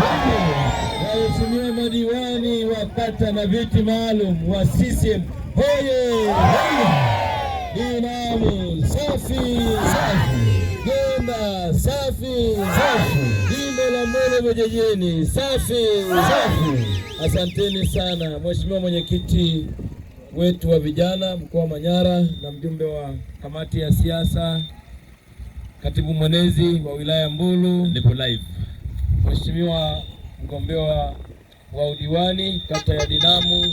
Waheshimiwa madiwani wa kata na viti maalum wa CCM hoye! Binamu safi safi, safi safi, jimbo la Mbulu Vijijini safi safi. Asanteni sana Mheshimiwa Mwenyekiti wetu wa vijana mkoa wa Manyara na mjumbe wa kamati ya siasa, katibu mwenezi wa wilaya Mbulu, nipo live, mheshimiwa mgombea wa udiwani kata ya Dinamu,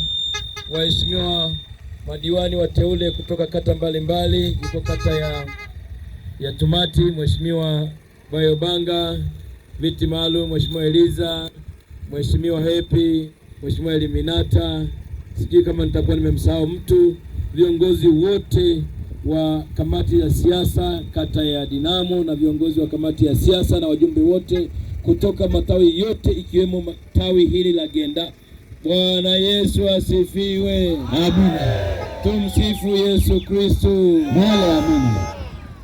waheshimiwa madiwani wateule kutoka kata mbalimbali, yuko kata ya, ya Tumati mheshimiwa Bayobanga, viti maalum mheshimiwa Eliza, mheshimiwa Hepi, mheshimiwa Eliminata sijui kama nitakuwa nimemsahau mtu, viongozi wote wa kamati ya siasa kata ya Dinamo na viongozi wa kamati ya siasa na wajumbe wote kutoka matawi yote ikiwemo tawi hili la Genda. Bwana Yesu asifiwe. Amina. Tumsifu Yesu Kristo. Amina.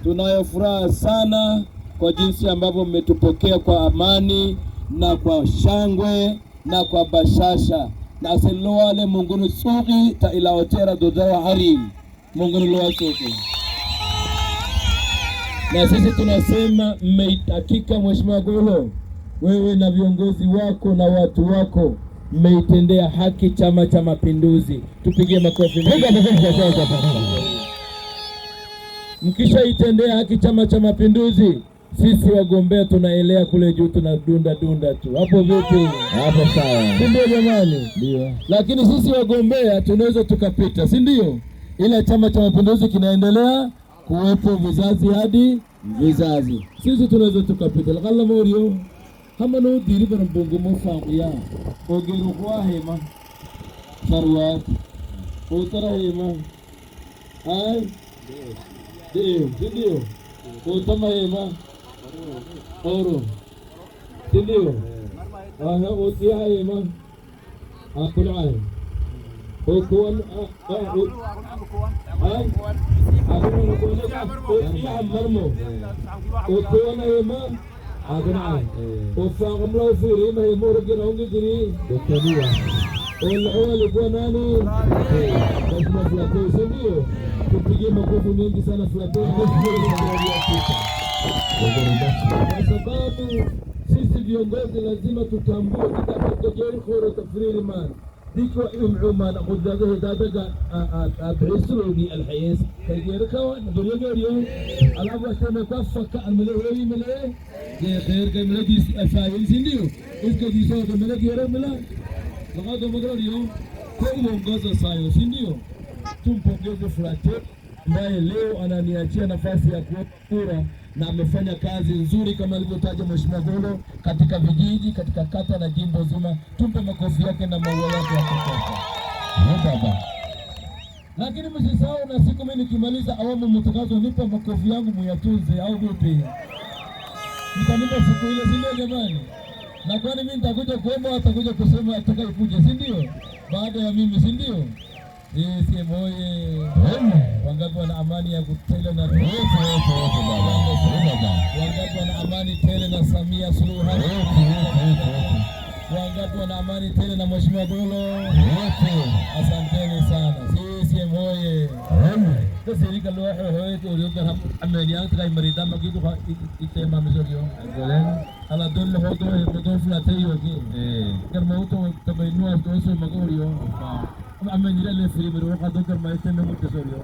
Tunayo furaha sana kwa jinsi ambavyo mmetupokea kwa amani na kwa shangwe na kwa bashasha nasen lowa le mungunu suuqi ta ilaawatera dodawa hari mungunu lowa suuqi na sisi tunasema mmeitakika, Mheshimiwa Golo, wewe na viongozi wako na watu wako mmeitendea haki Chama cha Mapinduzi. Tupigie makofi. Mkishaitendea haki Chama cha Mapinduzi, sisi wagombea tunaelea kule juu, tunadunda dunda tu hapo. Vipi hapo? Sawa, si ndio jamani? Ndio. Lakini sisi wagombea tunaweza tukapita, si ndio? Ila Chama cha Mapinduzi kinaendelea kuwepo vizazi hadi vizazi. Sisi tunaweza tukapita lakala morio hama noudiri bara mbongo mofamuya kwa hema saruwati utara hema ai ndio ndio utama hema Oro. Sindiyo. Ah, o siya ay ma. Ah, kulay. O kuwan, ah, ah, o. Ay, ako na kuwan na ka. O siya ang marmo. O kuwan ay ma. Ah, kulay. O sa kamla o siri, may mura ginawang gini. O kuwan ay ma. O lakuwa lakuwa nani. Kasi na flatay. Sindiyo. Kupigay makupunin di sana flatay. Kasi na flatay. kwa sababu sisi viongozi lazima tutambue kitakachojeruhoro tafriri mali ديكو ام عمان قدادة دادة بعسروني الحيس كيركا دنيا جوريو على وقت ما كفك الملوي ملوي يا خير كم لدي أفاعل زنديو إذ كدي صوت ملا كيرا naye leo ananiachia nafasi ya kuomba kura na amefanya kazi nzuri kama alivyotaja Mheshimiwa Golo katika vijiji, katika kata na jimbo zima. Tumpe makofi yake na maua yake ya kutosha. Lakini msisahau na siku mimi nikimaliza awamu nipa makofi yangu muyatunze, au vipi? Mtanipa siku ile, si ndio jamani? Na kwani mimi nitakuja kuomba, atakuja kusema atakayekuja, si ndio? Baada ya mimi, si ndio? CCM oye! Wangapi wana amani ya kutele na wangapi wana amani tele na Samia Suluhu Hassan? wangapi wana amani tele na mheshimiwa Golo? Asanteni sana CCM oye! kasirika loxoxoeoriogaaameliyantaay maridamakiduxaitemaamisogyo ala don loxodoxeqodofulateyoogi garmauto tabaynuaftoosomagooryo amenirale firimiro xado garmaitememutesoryo